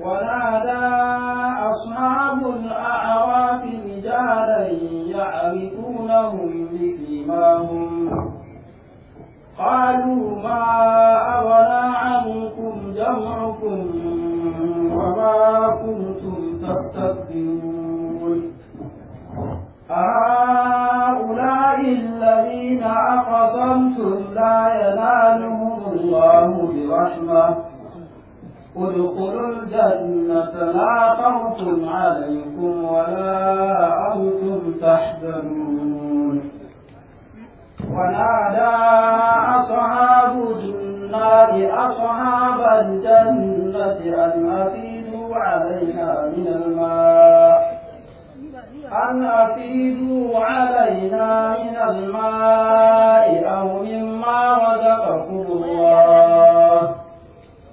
ونادى أصحاب الأعراف رجالا يعرفونهم بسيماهم قالوا ما أغنى عنكم جمعكم وما كنتم تستكبرون هؤلاء الذين أقسمتم لا ينالهم الله برحمه ادخلوا الجنة لا خوف عليكم ولا أنتم تحزنون ونادى أصحاب النار أصحاب الجنة أن أفيدوا علينا من الماء أن أفيدوا علينا من الماء أو مما رزقكم الله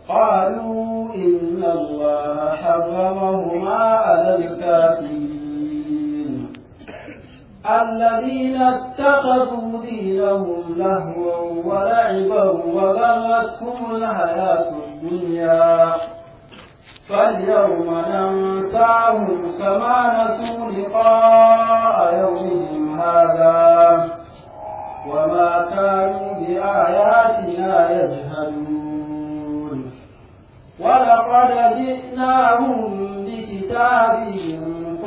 قالوا إن الله حرمهما على الكافرين الذين اتخذوا دينهم لهوا ولعبا وغرتهم الحياة الدنيا فاليوم ننساهم كما نسوا لقاء يومهم هذا وما كانوا بآياتنا يجهلون ولقد جئناهم بكتاب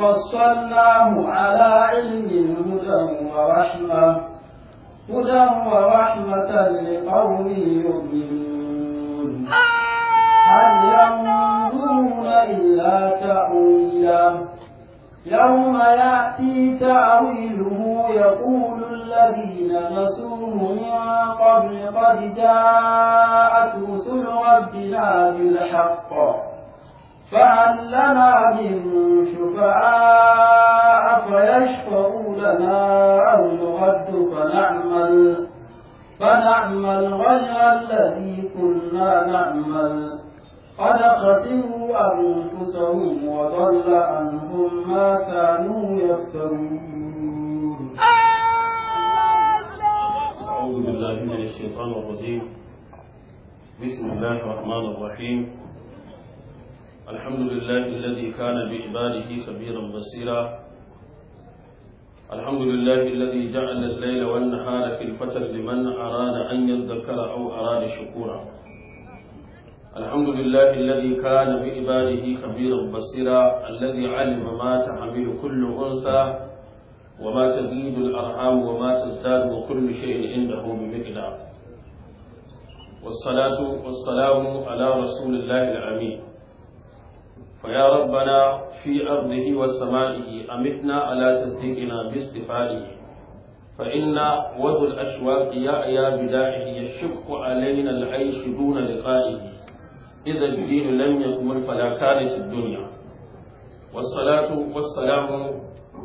فصلناه على علم هدى ورحمة هدى ورحمة لقوم يؤمنون هل ينظرون إلا تأويله يوم يأتي تأويله يقول الذين نسوه من قبل قد جاءت رسل ربنا بالحق فهل لنا من شفعاء فيشفعوا لنا أو نرد فنعمل فنعمل غير الذي كنا نعمل قد خسروا أنفسهم وضل عنهم ما كانوا يفترون أعوذ بالله من الشيطان الرجيم بسم الله الرحمن الرحيم الحمد لله الذي كان بعباده خبيرا بصيرا الحمد لله الذي جعل الليل والنهار في الفتر لمن أراد أن يذكر أو أراد شكورا الحمد لله الذي كان بعباده خبيرا بصيرا الذي علم ما تحمل كل انثى وما تزيد الارحام وما تزداد وكل شيء عنده بمقدار والصلاه والسلام على رسول الله الامين فيا ربنا في ارضه وسمائه امتنا على تصديقنا باصطفائه فإنا وذو الأشواق يا بداعه يشق علينا العيش دون لقائه إذا الدين لم يكمل فلا كانت الدنيا والصلاة والسلام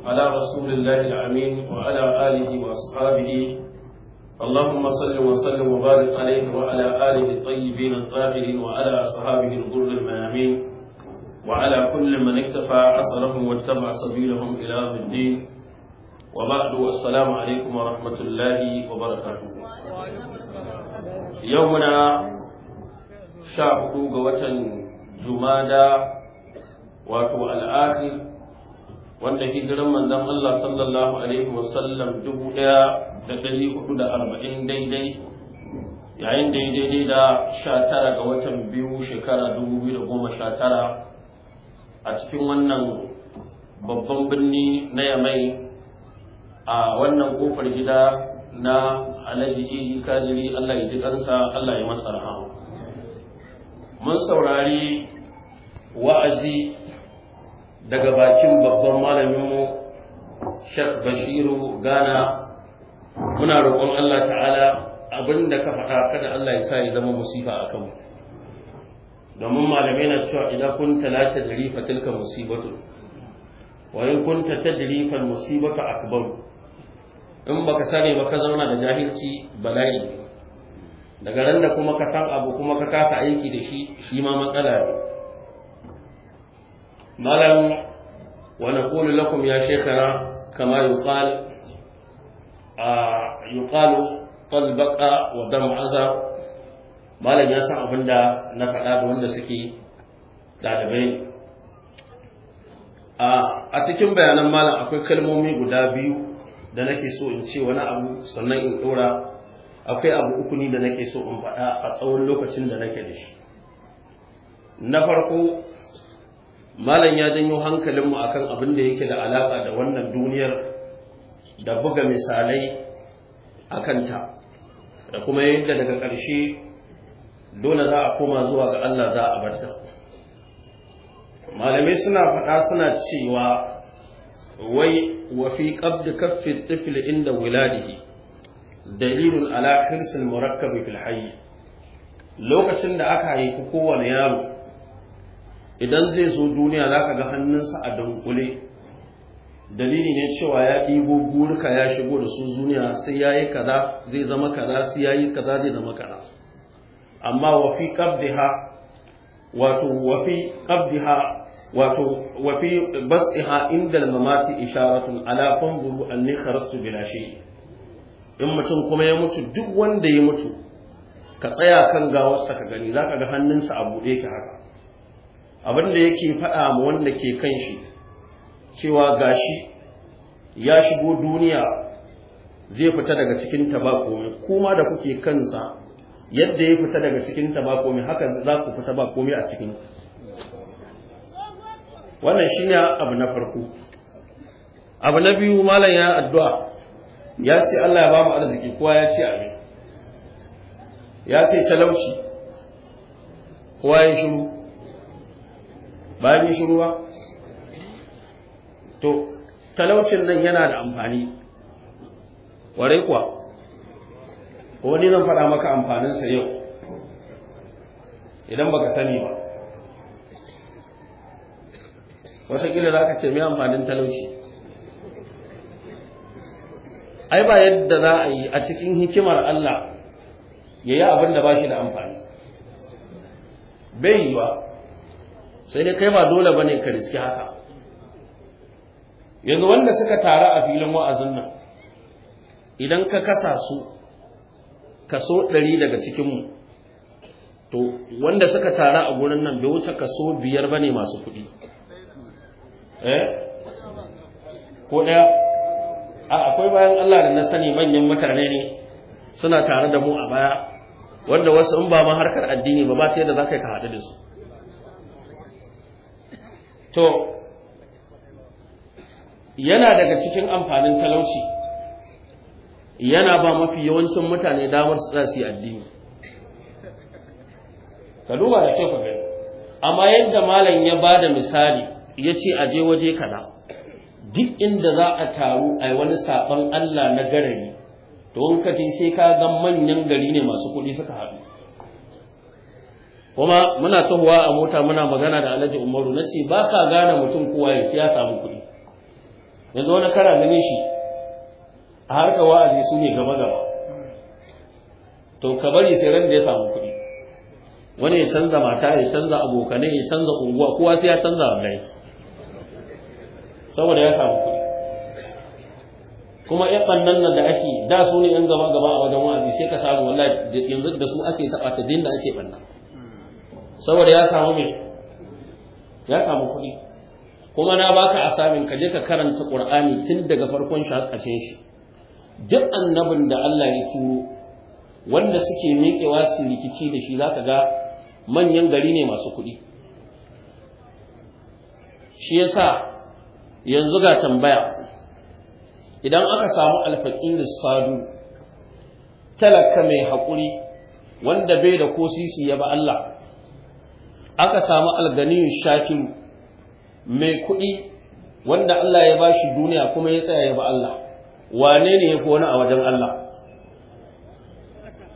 على رسول الله الأمين وعلى آله وأصحابه اللهم صل وسلم وبارك عليه وعلى آله الطيبين الطاهرين وعلى أصحابه الغر الميامين وعلى كل من اكتفى أثرهم واتبع سبيلهم إلى الدين وبعد والسلام عليكم ورحمة الله وبركاته يومنا sha hudu ga watan jumada wato al'akhir wanda hijiran manzon Allah sallallahu alaihi wasallam dubu daya da dari hudu da arba'in daidai yayin da daidai da sha tara ga watan biyu shekara dubu biyu da goma sha tara a cikin wannan babban birni na yamai a wannan kofar gida na alhaji kajiri Allah ya ji kansa Allah ya masa rahama mun saurari wa'azi daga bakin babban malaminmu Sheikh Bashiru Gana muna roƙon Allah ta'ala abinda ka faɗa kada Allah ya sa ya zama musifa a kanmu domin malamai na cewa idan kun talata da rifa tilka musibatu wa in ta tadri musibatu akbar in baka sani ba ka zauna da jahilci bala'i daga ran da kuma ka san abu kuma ka kasa aiki da shi shi ma matsala ne malam wa naqulu lakum ya shaykhana kama yuqal a yuqalu talbaqa wa dam'aza malam ya san abin da na faɗa da wanda suke ɗalibai a cikin bayanan malam akwai kalmomi guda biyu da nake so in ce wani abu sannan in ɗora akwai abu uku ne da nake so in faɗa a tsawon lokacin da nake da shi na farko malam ya janyo hankalinmu akan abin da yake da alaƙa da wannan duniyar da buga misalai a kanta da kuma yadda daga ƙarshe dole za a koma zuwa ga Allah za a barta malamai suna faɗa suna cewa wai wafi ƙabda kafin tifli inda wuladihi dalilun ala hirsil murakkabi fil hayy lokacin da aka haifi kowane yaro idan zai zo duniya za ka ga hannunsa a dunkule dalili ne cewa ya ɗigo burka ya shigo da su duniya sai ya yi kaza zai zama kaza sai ya yi kaza zai zama kaza amma wafi qabdiha wato wafi qabdiha wato wafi bas'iha inda al-mamati isharatun ala fanzuru anni kharastu bila shay'in in mutum kuma ya mutu duk wanda ya mutu ka tsaya kan gawarsa ka gani za ka ga hannunsa a buɗe ka haka abin da yake faɗa ma wanda ke kan shi cewa gashi ya shigo duniya zai fita daga cikin tabakomi kuma da kuke kansa yadda ya fita daga cikin tabakomi haka za ku fita ba komai a cikin wannan shine abu na farko abu na biyu malam ya addu'a ya ce Allah ya ba mu arziki kowa ya ce amin ya ce talauci kowa ya shiru bayan ya shiru ba to talaucin nan yana da amfani warai kuwa wani zan faɗa maka amfaninsa yau idan baka sani ba wataƙila za ka ce mai amfanin talauci ai ba yadda za a yi a cikin hikimar Allah ya yi abin da ba shi da amfani bai yiwa sai dai kai ba dole ba ne ka riski haka yanzu wanda suka taru a filin wa'azin nan idan ka kasa su kaso ɗari daga cikinmu to wanda suka taru a gurin nan bai wuce kaso biyar ba ne masu kuɗi eh? ko ɗaya a akwai bayan Allah da na sani manyan mutane ne suna tare da mu a baya wanda wasu in ba ma harkar addini ba ba ta yadda za ka haɗu da su to yana daga cikin amfanin talauci yana ba mafi yawancin mutane damar su tsasi addini ka duba da kyau ka gani amma yadda malam ya ba da misali ya ce a je waje kaza duk inda za a taru a wani saban Allah na garari to in ka sai ka ga manyan gari ne masu kuɗi suka haɗu kuma muna tsohuwa a mota muna magana da Alhaji Umaru na ce ba ka gane mutum kowa ya ya samu kuɗi yanzu wani kara ganin shi a harka wa'azi su ne gaba gaba to ka bari sai ran da ya samu kuɗi wani ya canza mata ya canza abokanai ya canza unguwa kowa sai ya canza wallahi saboda ya samu kuɗi kuma ya ɓannan nan da ake da su ne yan gaba gaba a wajen wa'azi sai ka samu wallahi yanzu da su ake taɓa ta da ake ɓanna saboda ya samu mai ya samu kuɗi kuma na baka samin ka je ka karanta Qur'ani tun daga farkon shi har shi duk annabin da Allah ya turo wanda suke miƙewa su rikici da shi zaka ga manyan gari ne masu kuɗi shi yasa yanzu ga tambaya idan aka samu alfaƙir sadu talaka mai haƙuri wanda bai da ko sisi ya ba Allah aka samu alganiyu shakin mai kuɗi wanda Allah ya bashi duniya kuma ya tsaya ya ba Allah wane ne ya fi wani a wajen Allah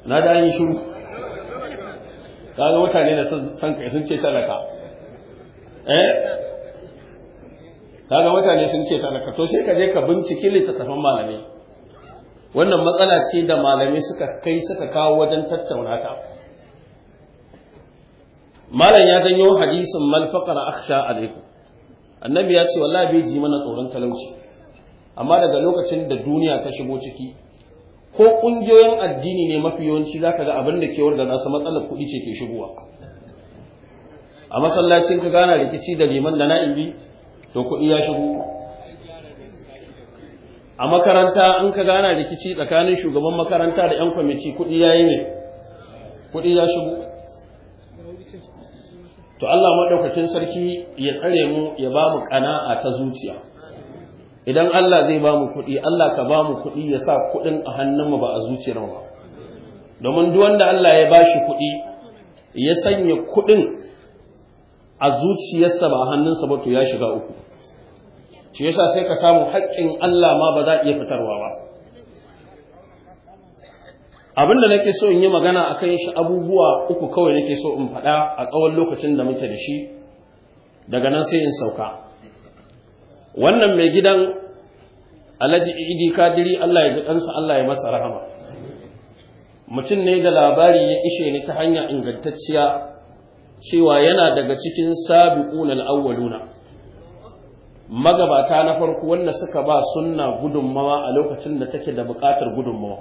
na da an yi shuru kaga mutane da sanka kai sun ce talaka eh? kaga mutane sun ce talaka to sai ka je ka binciki littattafan malamai wannan matsala ce da malamai suka kai suka kawo wajen tattauna ta malam ya danyo hadisin mal faqara akhsha alaikum annabi ya ce wallahi bai ji mana tsoron talauci amma daga lokacin da duniya ta shigo ciki ko ƙungiyoyin addini ne mafi yawanci zaka ga abin da ke da nasu matsalar kuɗi ce ke shigowa a masallacin ka gana rikici da liman da na'ibi to kuɗi ya shigo a makaranta in ka gana rikici tsakanin shugaban makaranta da 'yan kwamiti kuɗi ya yi ne kuɗi ya shigo to Allah maɗaukakin sarki ya tsare mu ya ba mu ƙana'a ta zuciya idan Allah zai ba mu kuɗi Allah ka ba mu kuɗi ya sa kuɗin a hannunmu ba a zuciyar ba domin duk wanda Allah ya ba shi kuɗi ya sanya kuɗin a zuciyarsa ba hannunsa ba to ya shiga uku shi yasa sai ka samu haƙƙin Allah ma ba za a iya fitarwa ba abin da nake so in yi magana a kan shi abubuwa uku kawai nake so in faɗa a tsawon lokacin da muke da shi daga nan sai in sauka wannan mai gidan alaji idi kadiri allah ya ji ɗansa allah ya masa rahama mutum ne da labari ya ishe ni ta hanyar ingantacciya cewa yana daga cikin sabiqun al-awwaluna magabata na farko wanda suka ba sunna gudunmawa a lokacin da take da buƙatar gudunmawa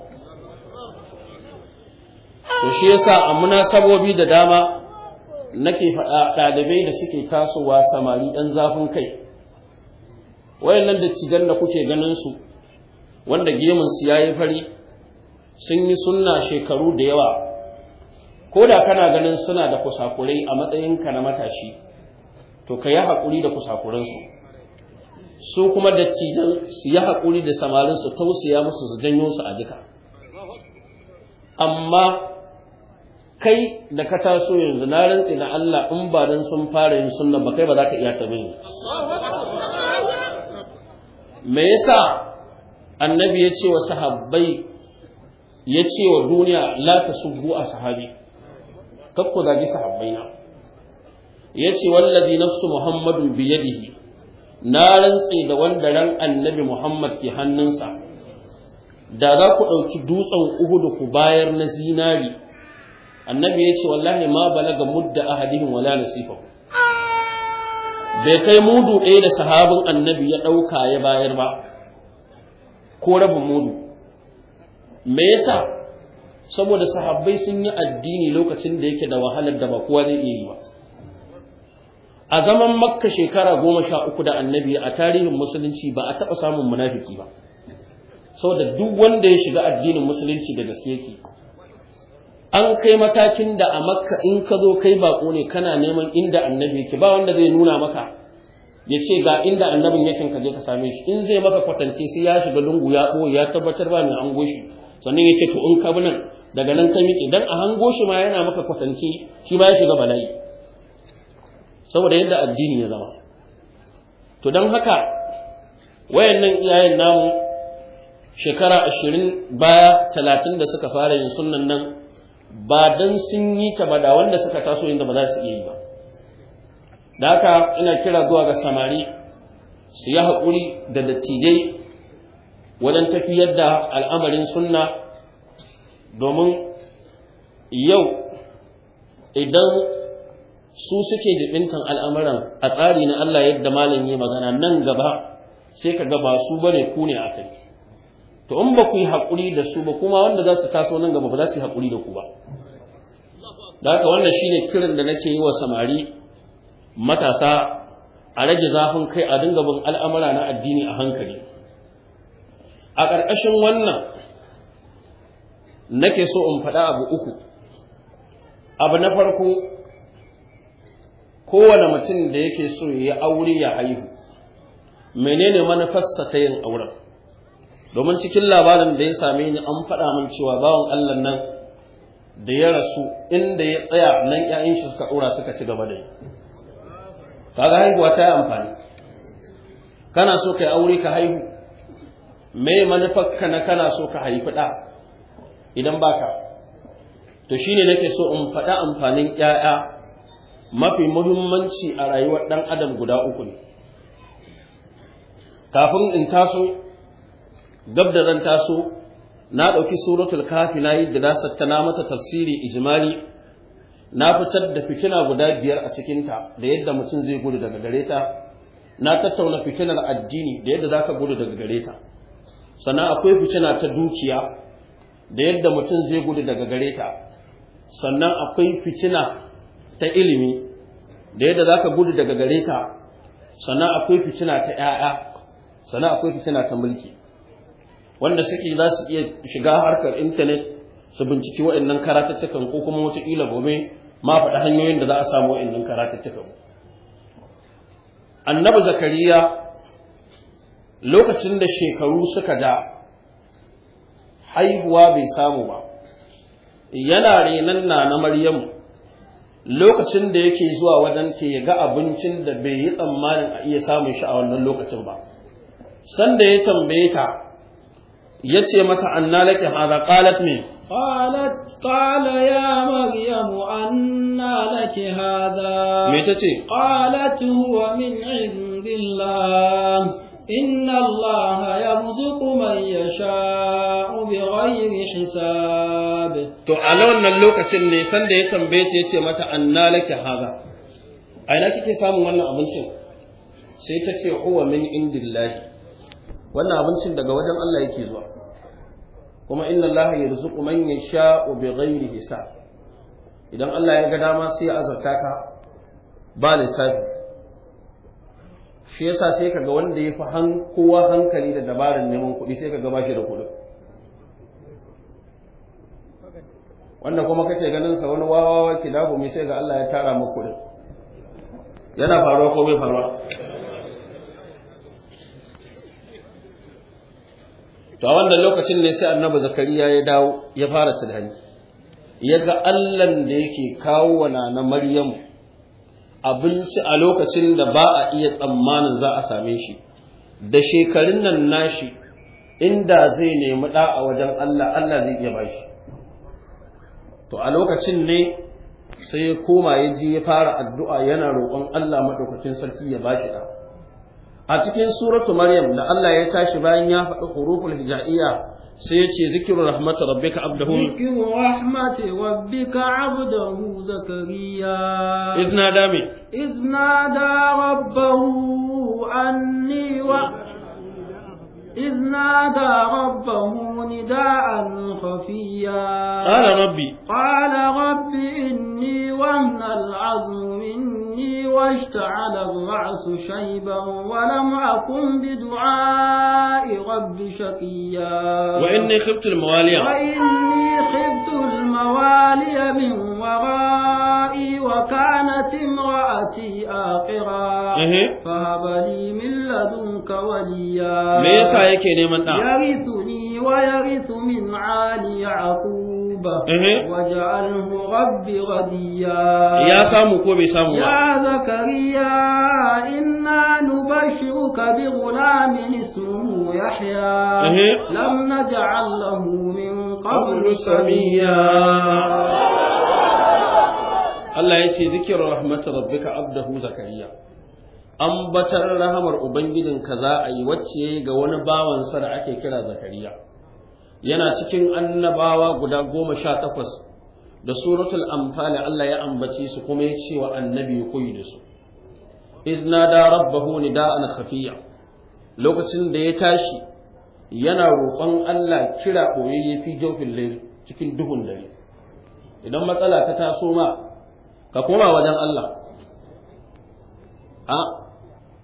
to shi yasa a munasabobi da dama nake faɗa ɗalibai da suke tasowa samari ɗan zafin kai wayannan da cigan da kuke ganin su wanda gemun su yi fari sun yi sunna shekaru da yawa ko da kana ganin suna da kusakurai a matsayinka na matashi to ka yi haƙuri da kusakuransu su kuma da su yi haƙuri da samarin su tausaya musu su janyo su a jika amma kai da ka taso yanzu na rantsi na Allah in ba dan sun fara yin sunna ba kai ba za ka iya ta bane me yasa annabi ya ce wa sahabbai ya ce wa duniya la tasubbu ashabi kakku zagi sahabbai na yace wallazi nafsu muhammadu bi yadihi na rantse da wanda ran annabi muhammad ke hannunsa da za ku ɗauki dutsen uhudu ku bayar na zinari annabi ya ce wallahi ma balaga mudda ahadihim wala nasifa bai kai mudu ɗaya da sahabin annabi ya ɗauka ya bayar ba ko rabin mudu me yasa saboda sahabbai sun yi addini lokacin da yake da wahalar da ba kowa zai iya yi ba a zaman makka shekara goma sha uku da annabi a tarihin musulunci ba a taɓa samun munafiki ba saboda duk wanda ya shiga addinin musulunci da gaske yake an kai matakin da a makka in ka zo kai bako ne kana neman inda annabi yake ba wanda zai nuna maka ya ce ga inda annabin yakin ka je ka same shi in zai maka kwatance sai ya shiga lungu ya ɓoye ya tabbatar ba mai an goshi sannan ya ce to in ka nan daga nan ka miƙe don a hango shi ma yana maka kwatance shi ba ya shiga bala'i saboda yadda addini ya zama to don haka wayannan iyayen namu shekara ashirin baya talatin da suka fara yin sunan nan ba don sun yi ta ba da wanda suka taso yin da ba za su iya yi ba da haka ina kira zuwa ga samari su yi haƙuri da dattijai wajen tafiyar da al'amarin sunna domin yau idan su suke jibintan al'amuran a tsari na Allah yadda malam yi magana nan gaba sai ka gaba su bane ku ne a kai to in ba ku yi haƙuri da su ba kuma wanda za su taso nan gaba ba za su yi haƙuri da ku ba da haka wannan ne kirin da nake yi wa samari matasa a rage zafin kai a dinga bin al'amura na addini a hankali a ƙarƙashin wannan nake so in faɗa abu uku abu na farko kowane mutum da yake so ya aure ya haihu menene manufarsa ta yin auren domin cikin labarin da ya same ni an faɗa min cewa bawan Allah nan da ya rasu inda ya tsaya nan ƴaƴan shi suka ɗora suka ci gaba da yi kaga haihuwa ta yi amfani kana so ka aure ka haihu me manufarka na kana so ka haifi ɗa idan baka to shine nake so in faɗa amfanin ƴaƴa mafi muhimmanci a rayuwar ɗan adam guda uku ne kafin in taso gab da zan taso na ɗauki suratul kafi na yi da na sattana mata tafsiri ijimali na fitar da fitina guda biyar a cikinta da yadda mutum zai gudu daga gare ta na tattauna fitinar addini da yadda za ka gudu daga gare ta sannan akwai fitina ta dukiya da yadda mutum zai gudu daga gare ta sannan akwai fitina ta ilimi da yadda za ka gudu daga gare ta sannan akwai fitina ta ‘ya'ya sannan akwai fitina ta mulki wanda suke za su iya shiga harkar intanet su binciki wa'annan karatattukan ko kuma wataƙila gobe ma faɗi hanyoyin da za a samu wa'annan karatattukan annabi zakariya lokacin da shekaru suka da haihuwa bai samu ba yana renan na na maryamu lokacin da yake zuwa wajen ya ga abincin da bai yi tsammanin a iya samun shi a wannan lokacin ba sanda ya tambaye ta ya ce mata anna laki hada, qalat ne." qalat qala ya maryam anna laki hada. me tace qalat huwa min indillah إن الله يرزق من يشاء بغير حساب to a wannan lokacin ne sanda ya tambaye ta yace mata anna laki haza a ina kike samun wannan abincin sai ta ce huwa min indillahi wannan abincin daga wajen Allah yake zuwa kuma inna Allah yarzuqu man yasha'u bighairi hisab idan Allah ya ga dama sai ya azurta ka ba lissafi shi yasa sai kaga wanda ya fi kowa hankali da dabarar neman kuɗi sai kaga ba shi da kuɗi wanda kuma kake ganin sa wani wawawa dago mai sai ga Allah ya tara maka kuɗi yana faruwa ko bai faruwa to a wannan lokacin ne sai annabi zakariya ya dawo ya fara tunani ya ga allan da yake kawo wa na maryamu abinci a lokacin da ba a iya tsammanin za a same shi da shekarun nan nashi inda zai nemi ɗa a wajen Allah Allah zai iya ba shi. to a lokacin ne sai ya koma ya je ya fara addu'a yana roƙon Allah maɗaukacin sarki ya bashi ɗa a cikin suratu maryam da Allah ya tashi bayan ya faɗi huruful hija'iyya sai ya ce zikiru rahmatu rabbika abdahu zikiru rahmati rabbika abdahu zakariya izna da me izna da rabbahu anni wa izna da rabbahu nida'an khafiya qala rabbi qala rabbi inni wa al azmu minni واشتعل الرأس شيبا ولم أكن بدعاء رب شقيا وإني خبت الموالي وإني خبت الموالي من ورائي وكانت امرأتي آقرا فهب لي من لدنك وليا يرثني ويرث من عالي عقوب hubba waj'alhu rabbi radiya ya samu ko bai samu ba ya zakariya inna nubashiruka bi ghulamin ismuhu yahya lam naj'al lahu min qablu samiya Allah ya ce zikirar rahmatar rabbika abdahu zakariya Ambatar batar rahamar ubangijinka za a yi wacce ga wani bawansa da ake kira zakariya yana cikin annabawa guda goma sha takwas da suratul amfani Allah ya ambace su kuma ya ce wa annabi ya koyi da su izna da rabbahu nida'an khafiya lokacin da ya tashi yana roƙon Allah kira koyayye fi jawfin layl cikin duhun dare idan matsala ta taso ma ka koma wajen Allah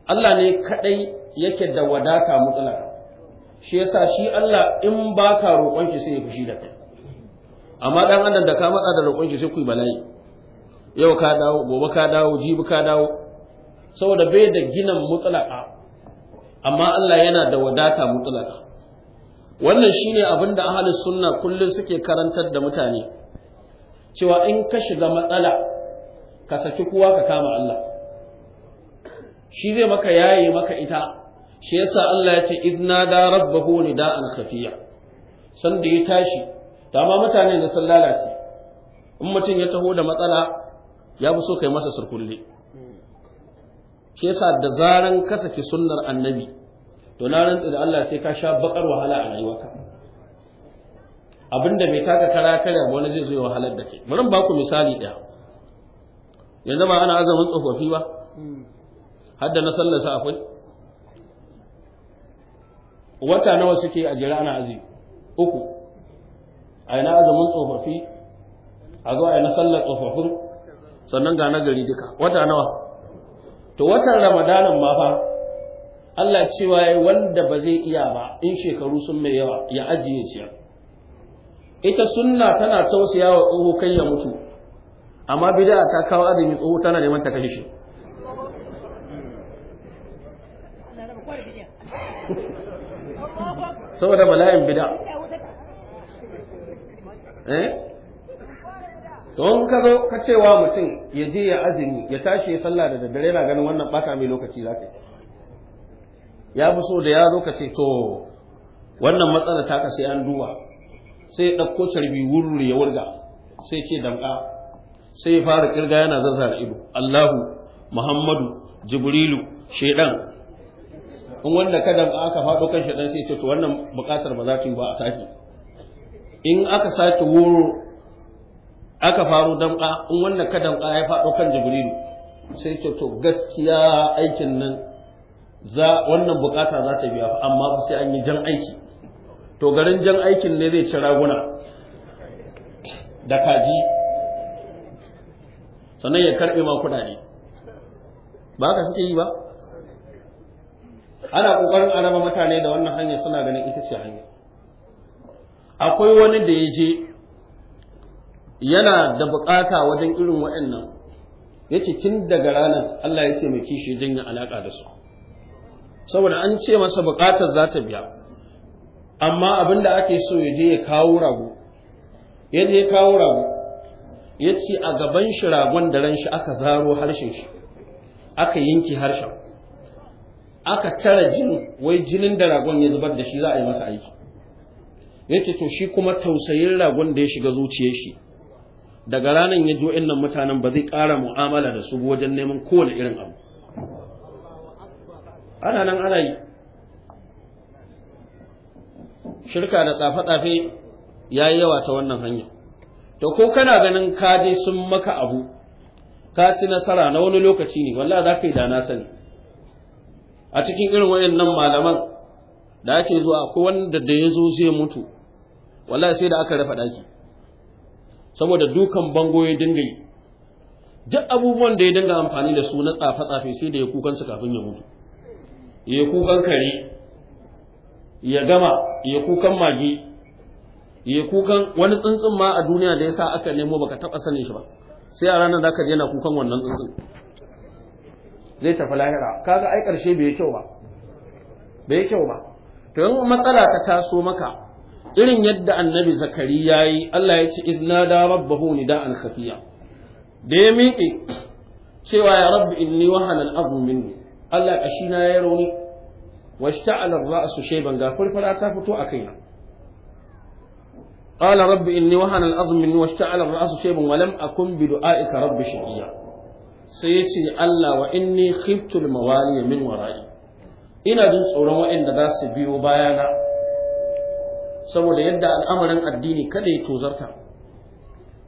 Allah ne kaɗai yake da wadata mutlaka shi yasa shi Allah in ba ka roƙon shi sai ya fushi da kai amma dan Allah da ka matsa da roƙon shi sai ku yi bala'i yau ka dawo gobe ka dawo jibi ka dawo saboda bai da ginin mutlaka amma Allah yana da wadata mutlaka wannan shine abin da ahlus sunna kullun suke karantar da mutane cewa in ka shiga matsala ka saki kowa ka kama Allah shi zai maka yaye maka ita shi yasa Allah ya ce idna da rabbahu nida'an khafiya san da ya tashi dama mutane da sun lalace in mutum ya taho da matsala ya fi so kai masa surkulle shi yasa da zaran ka saki sunnar annabi to na rantsa da Allah sai ka sha bakar wahala a rayuwarka abinda bai taka kara kare wani zai zo ya wahalar da kai bari ba ku misali ɗaya yanzu ba ana azumin tsofaffi ba hmm. har da na sallar sa akwai wata nawa suke a jira ana azumi uku a na azumin tsofaffi a zo a na sallar tsofaffin sannan ga nagari duka wata nawa to watan ramadanan ma fa Allah cewa ya wanda ba zai iya ba in shekaru sun mai yawa ya ajiye ciyar ita sunna tana tausaya wa tsoho kai ya mutu amma bid'a ta kawo azumi tsoho tana neman ta kashe shi saboda bala'in bida eh don ka zo ka mutum ya je ya azumi ya tashi ya sallah da daddare yana ganin wannan bata mai lokaci za ya fi so da ya zo ka ce to wannan matsala ta ka sai an duba sai ya ɗauko carbi wururi ya wurga sai ce damƙa sai ya fara kirga yana zazzara ido Allahu Muhammadu Jibrilu Shaidan in wanda kada aka faɗo kan shaɗan sai ce to wannan buƙatar ba za ta yi ba a sake in aka sake woro aka faru damƙa in wanda ka damƙa ya faɗo kan jibrilu sai ce to gaskiya aikin nan za wannan buƙata za ta biya amma ba sai an yi jan aiki to garin jan aikin ne zai ci raguna da kaji sannan ya karɓe ma kuɗaɗe ba haka suke yi ba ana ƙoƙarin araba mutane da wannan hanya suna ganin ita ce hanya akwai wani da ya je yana da bukata wajen irin waɗannan ya ce tun daga ranar Allah ya taimaki shi don yin alaƙa da su saboda an ce masa buƙatar za ta biya amma abin da ake so ya je ya kawo rago ya je kawo rago ya ce a gaban shi ragon da ran shi aka zaro harshen shi aka yanke harshen aka tara jinin wai jinin da ragon ya zubar da shi za a yi masa aiki yace to shi kuma tausayin ragon da ya shiga zuciyar shi daga ranar ya jo innan mutanen ba zai ƙara mu'amala da su wajen neman kowane irin abu ana nan ana yi shirka da tsafe-tsafe ya yi yawa ta wannan hanya to ko kana ganin ka je sun maka abu ka ci nasara na wani lokaci ne wallahi za ka yi da na sani a cikin irin wayannan malaman da ake zuwa akwai wanda da ya zo zai mutu wallahi sai da aka rafa daki saboda dukan bango ya dinga yi duk abubuwan da ya dinga amfani da su na tsafe-tsafe sai da ya kukansa kafin ya mutu ya kukan kare ya gama ya kukan magi ya kukan wani tsuntsun ma a duniya da ya sa aka nemo baka taba sanin shi ba sai a ranar da ka je na kukan wannan tsuntsun zai tafi lahira kaga ai karshe bai kyau ba bai kyau ba to in matsala ta taso maka irin yadda annabi zakari ya yi Allah ya ce izna da rabbahu nida'an khafiya da ya miƙe cewa ya rabbi inni wahana al'azmu minni Allah kashi na ya rauni washta'ala ra'su shayban ga furfura ta fito a kaina قال رب إني وهن العظم مني واشتعل الرأس شيبا ولم أكن بدعائك رب شقيا sai ya ce Allah wa inni khiftul mawali min wara'i ina jin tsoron waɗanda za su biyo bayana saboda yadda al'amarin addini kada ya tozarta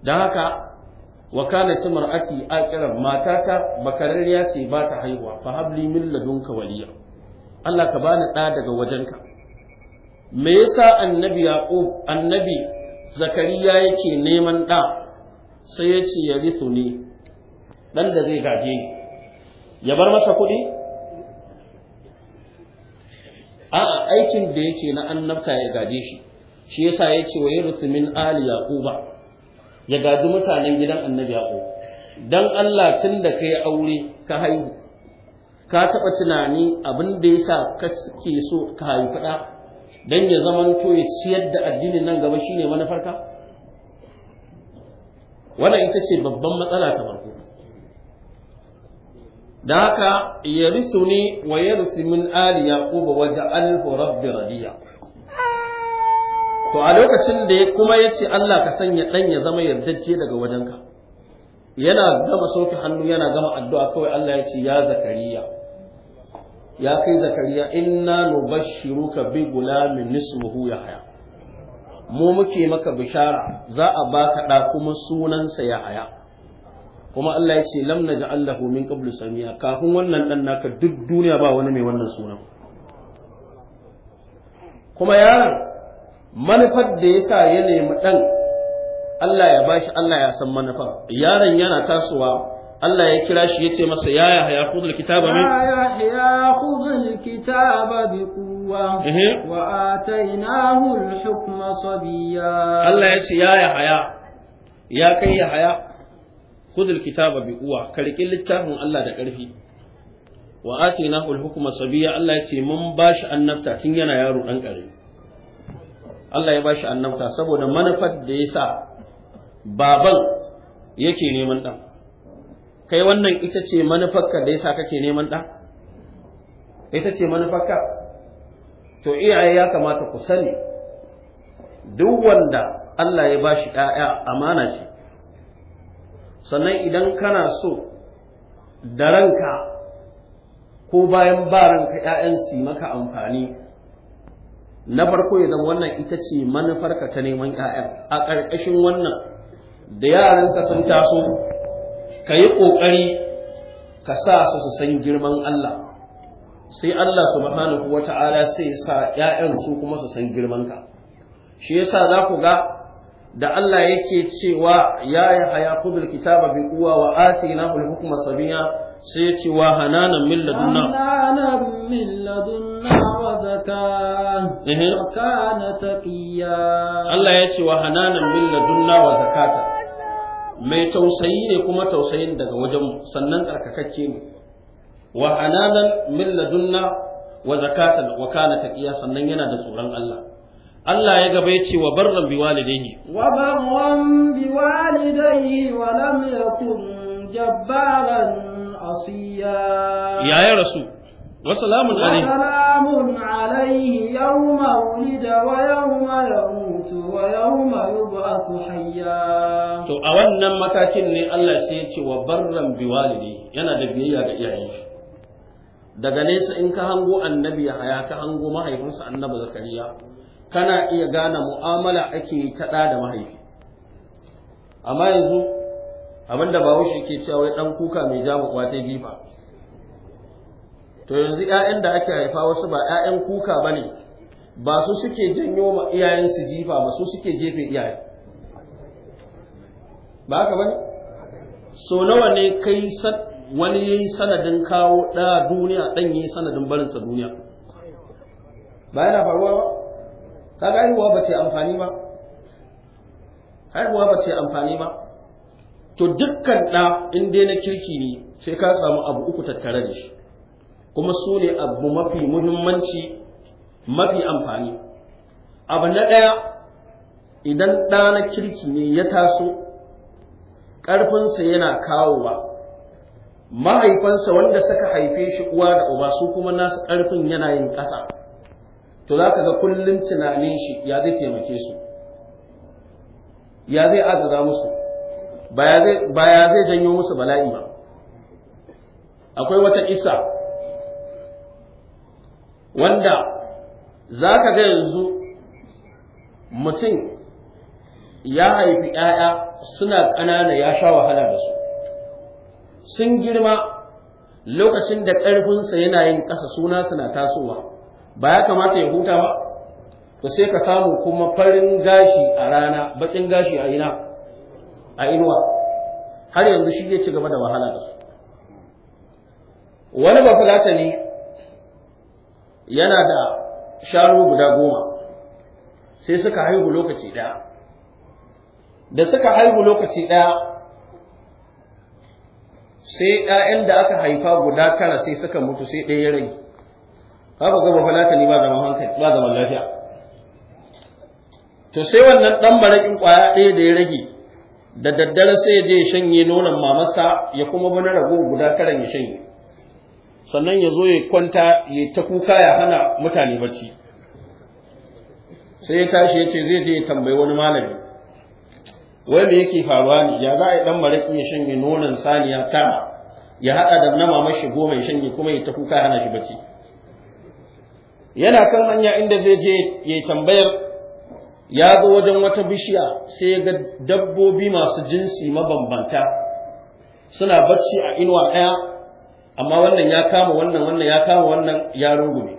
da haka wa kana timar'ati akiran matata bakarariya ce ba ta haihuwa fa habli min ladunka waliya Allah ka bani ɗa daga wajenka me yasa annabi yaqub annabi zakariya yake neman ɗa sai ya ce ya ne dan da zai gaje ya bar masa kuɗi A'a aikin da yake na annabta ya gaje shi shi yasa yake wa yirthu min ali yaquba ya gaji mutanen gidan annabi yaqub dan Allah tun da kai aure ka haihu ka taba tunani abin da yasa ka suke so ka haifi da dan ya zaman to ya ciyar da addinin nan gaba shine manufarka wannan ita ce babban matsala ta farko da haka ya ne wa ya risu min ali yaquba wa ja'alhu rabbi radiya to a lokacin da kuma ya ce Allah ka sanya ɗan ya zama yardacce daga wajenka yana gama sauki hannu yana gama addu'a kawai Allah ya ce ya zakariya ya kai zakariya inna nubashshiruka bi gulamin ismuhu yahya mu muke maka bishara za a baka da kuma sunansa yahya kuma Allah ya ce lam naja lahu min qablu samiya kafin wannan dan naka duk duniya ba wani mai wannan sunan kuma yaron manufar da yasa ya nemi dan Allah ya bashi Allah ya san manufa yaron yana tasowa Allah ya kira shi ya ce masa ya ya haya kudul kitaba min ya ya kudul kitaba bi kuwa wa atainahu al-hukma sabiya Allah ya ce ya ya haya ya kai ya haya khudul kitaba bi uwa karki littafin Allah da ƙarfi wa atinahu al-hukma sabiya Allah ce mun bashi annabta tun yana yaro dan ƙarami Allah ya bashi annabta saboda manufar da yasa baban yake neman ɗan kai wannan ita ce manufarka da yasa kake neman ɗan ita ce manufarka to iyaye ya kamata ku sani duk wanda Allah ya bashi 'ya'ya amana ce sannan idan kana so da ranka ko bayan ba ranka 'ya'yan su maka amfani na farko idan wannan ita ce manufarka ta neman 'ya'yan a ƙarƙashin wannan da yaranka sun taso ka yi ƙoƙari ka sa su su san girman Allah sai Allah subhanahu wata'ala sai sa 'ya'yan su kuma su san ka, shi yasa za ku ga da Allah yake cewa ya yi hayakubil kitaba bi uwa wa na ul hukma sabiya sai ya ce wa hananan min ladunna hananan min ladunna wa zakata wa kana taqiya Allah ya ce wa hananan min ladunna wa zakata mai tausayi ne kuma tausayin daga wajen mu sannan tsarkakacce ne wa hananan min ladunna wa zakata wa kana taqiya sannan yana da tsoron Allah Allah ya gaba ya ce wa barran bi walidayhi wa barran bi walidayhi wa lam yakun jabbaran asiya ya ya rasu wa salamun alayhi wa salamun alayhi yawma wulida wa yawma yamutu wa yawma yub'athu hayya to a wannan matakin ne Allah sai ya ce wa barran bi walidayhi yana da biyayya ga iyaye. daga nesa in ka hango annabi ya haya ka hango mahaifinsa annabi zakariya kana iya gane mu'amala ake yi ta ɗa da mahaifi amma yanzu abinda ba wuce ke cewa wai ɗan kuka mai ja mu kwata jifa to yanzu 'ya'yan da ake haifa wasu ba 'ya'yan kuka ba ne ba su suke janyo ma iyayensu jifa ba su suke jefe iyaye ba haka ba ne so nawa ne kai wani ya yi sanadin kawo ɗa duniya ɗan ya sanadin barinsa duniya ba yana faruwa ba kaga haihuwa ba ta amfani ba haihuwa ba ta amfani ba to dukkan ɗa in dai na kirki ne sai ka samu abu uku tattare da shi kuma su ne abu mafi muhimmanci mafi amfani abu na ɗaya idan ɗa na kirki ne ya taso ƙarfinsa yana kawowa mahaifansa wanda suka haife shi uwa da uba su kuma nasu ƙarfin yana yin ƙasa to za ka ga kullum tunanin shi ya zai taimake su ya zai azura musu ba ya zai janyo musu bala'i ba akwai wata isa wanda za ka ga yanzu mutum ya haifi ‘ya'ya suna ƙanana ya sha wahala da su sun girma lokacin da ƙarfinsa yana yin ƙasa suna suna tasowa ba ya kamata ya huta ba to sai ka samu kuma farin gashi a rana bakin gashi a ina a inuwa har yanzu shi ke ci da wahala da wani bafulata ne yana da shanu guda goma sai suka haihu lokaci ɗaya da suka haihu lokaci ɗaya sai ɗa'yan da aka haifa guda kara sai suka mutu sai ɗaya ya rage haka kuma falata ne ba zaman hankali ba zaman lafiya to sai wannan dan barakin kwaya ɗaya da ya rage da daddare sai je shanye nonon mamarsa ya kuma wani rago guda karan ya shanye sannan ya zo ya kwanta ya ta kuka ya hana mutane barci. sai ya tashi ya ce zai je ya tambayi wani malami wai me yake faruwa ne ya za a yi dan maraki ya shanye nonon saniya tara ya haɗa da na mamashi shi goma ya shanye kuma ya ta kuka ya hana shi barci. yana kan hanya inda zai je ya tambayar ya zo wajen wata bishiya sai ya ga dabbobi masu jinsi mabambanta suna bacci a inuwa ɗaya amma wannan ya kama wannan wannan ya kama wannan ya rungume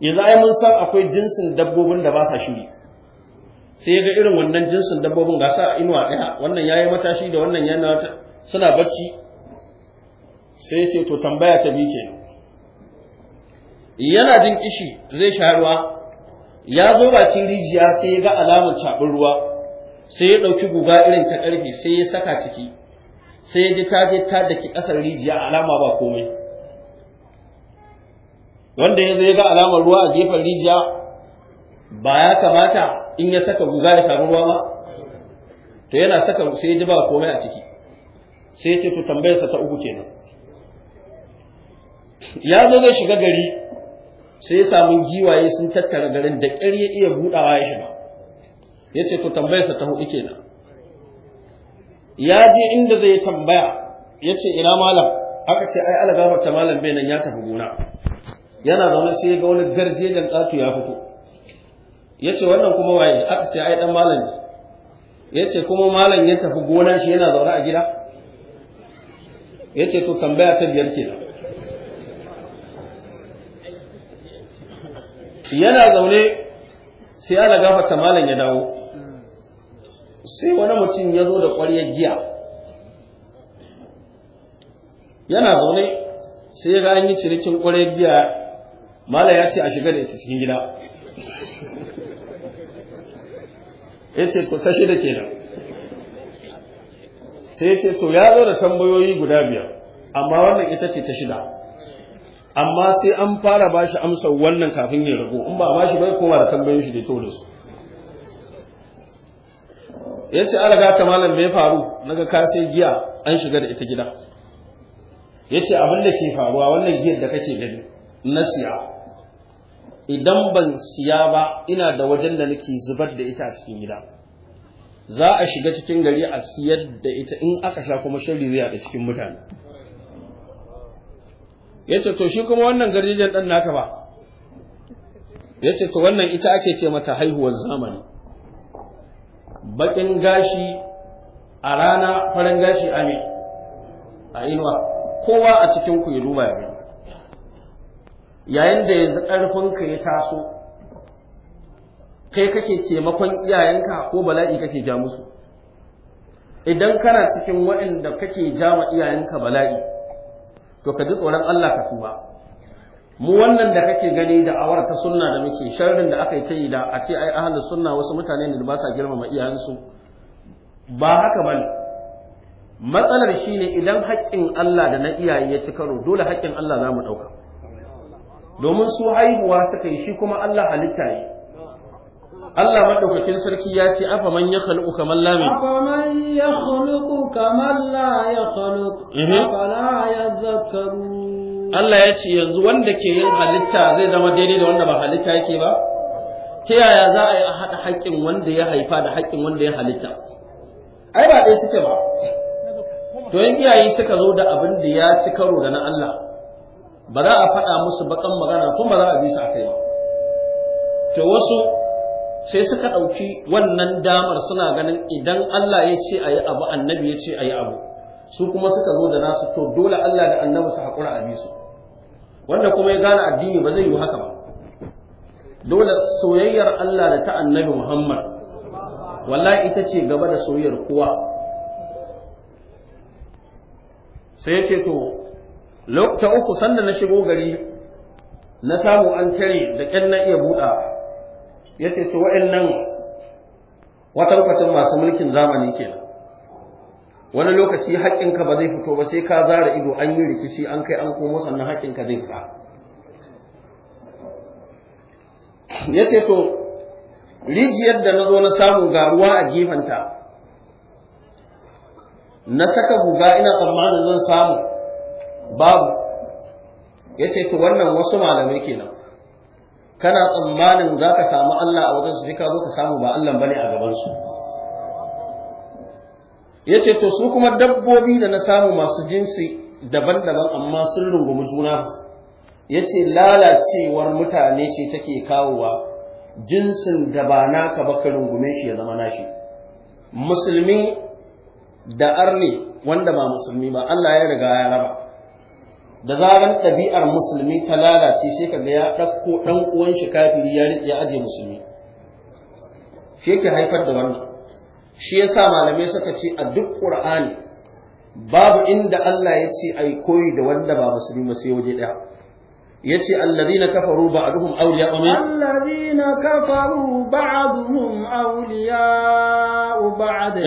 yanzu ai mun san akwai jinsin dabbobin da ba sa shiri sai ya ga irin wannan jinsin dabbobin ga sa inuwa ɗaya wannan ya yi matashi da wannan yana suna bacci sai ce to tambaya ta bi kenan yana jin kishi zai sha ruwa ya zo bakin rijiya sai ya ga alamar cabin ruwa sai ya ɗauki guga irin ta ƙarfe sai ya saka ciki sai ya ji ta je ta daki ƙasar rijiya alama ba komai wanda ya zai ga alamar ruwa a gefen rijiya ba ya kamata in ya saka guga ya samu ruwa ba to yana saka sai ya ji ba komai a ciki sai ya ce to tambayarsa ta uku kenan ya zo zai shiga gari sai ya samu giwaye sun tattara garin da ƙyar ya iya buɗawa ya shiga ya ce to tambayarsa ta hudu kenan ya je inda zai tambaya ya ce ina malam aka ce ai ala gafarta malam bai nan ya tafi gona yana zaune sai ga wani garje da tsatu ya fito ya ce wannan kuma waye aka ce ai dan malam ne ya ce kuma malam ya tafi gona shi yana zaune a gida ya ce to tambaya ta biyar kenan yana zaune sai ana gafarta malam ya dawo sai wani mutum ya zo da ƙwaryar giya yana zaune sai ya ga an yi cinikin ƙwaryar giya malam ya ce a shiga da ita cikin gida ya ce to ta shida kenan sai ya ce to ya zo da tambayoyi guda biyar amma wannan ita ce ta shida amma sai an fara ba shi amsar wannan kafin ya rago in ba ba shi bai koma da tambayin shi da to da su ya ce alaga ta malam mai faru naga ka sai giya an shiga da ita gida ya ce abin da ke faruwa wannan giyar da kake gani na siya idan ban siya ba ina da wajen da nake zubar da ita cikin gida za a shiga cikin gari a siyar da ita in aka sha kuma shari da cikin mutane yace to shi kuma wannan garjejen dan naka ba yace to wannan ita ake ce mata haihuwar zamani Baƙin gashi a rana farin gashi a ne, a inuwa kowa a cikin ku ya duba ya yayin da yanzu ƙarfinka ya taso kai kake taimakon iyayenka ko bala'i kake ja musu idan kana cikin waɗanda kake jama iyayenka bala'i to ka ji tsoron Allah ka tuba mu wannan da kake gani da awar ta sunna da muke sharrin da aka yi ta yi da a ce ai ahlus sunna wasu mutane ne da ba sa girmama iyayensu ba haka bane matsalar shine idan haƙƙin Allah da na iyaye ya ci karo dole haƙƙin Allah za mu ɗauka domin su haihuwa suka yi shi kuma Allah halitta ne Allah madaukakin sarki ya ce afa man ya khaluqu kamal la afa man ya khaluqu kamal la ya khaluqu mhm. afa la zakaru. Allah ya ce yanzu wanda ke yin halitta zai zama daidai da wanda ba halitta yake ba ta yaya za a yi a haɗa haƙƙin wanda ya haifa da haƙƙin wanda ya halitta ai ba ɗaya suke ba to yin iyaye suka zo da abin da ya ci karo da na Allah ba za a faɗa musu baƙan magana kuma ba za a bi su a kai ba to wasu sai suka ɗauki wannan damar suna ganin idan Allah ya ce a yi abu annabi ya ce a yi abu su kuma suka zo da nasu to dole Allah da annabi su haƙura a bisu wanda kuma ya gane addini ba zai yi haka ba dole soyayyar Allah da ta annabi Muhammad wallahi ita ce gaba da soyayyar kowa sai ya ce to lokacin uku sanda na shigo gari na samu an tare da ƙyan na iya buɗa ya ce to nan wata lokacin masu mulkin zamani kenan wani lokaci haƙƙinka ba zai fito ba sai ka zara ido an yi rikici an kai an komo sannan haƙƙinka zai fita ya ce to rijiyar da na zo na samu garuwa a a gefenta na saka buga ina tsammanin zan samu babu ya ce to wannan wasu malamai kenan kana tsammanin za ka samu Allah a wajensu su ka zo ka samu ba Allah bane a gabansu ya ce to su kuma dabbobi da na samu masu jinsi daban-daban amma sun rungumi juna ya ce lalacewar mutane ce take kawowa jinsin da ba naka ba ka rungume shi ya zama nashi musulmi da arni wanda ba musulmi ba Allah ya riga ya raba da zarar ɗabi'ar musulmi ta lalace sai ka ya ɗauko ɗan uwan shi kafiri ya riƙe aje musulmi shi yake haifar da wannan shi ya sa malamai suka ce a duk ƙur'ani babu inda Allah ya ce yi koyi da wanda ba musulmi sai waje ɗaya yace allazina kafaru ba'duhum awliya'u min allazina kafaru ba'duhum awliya'u ba'd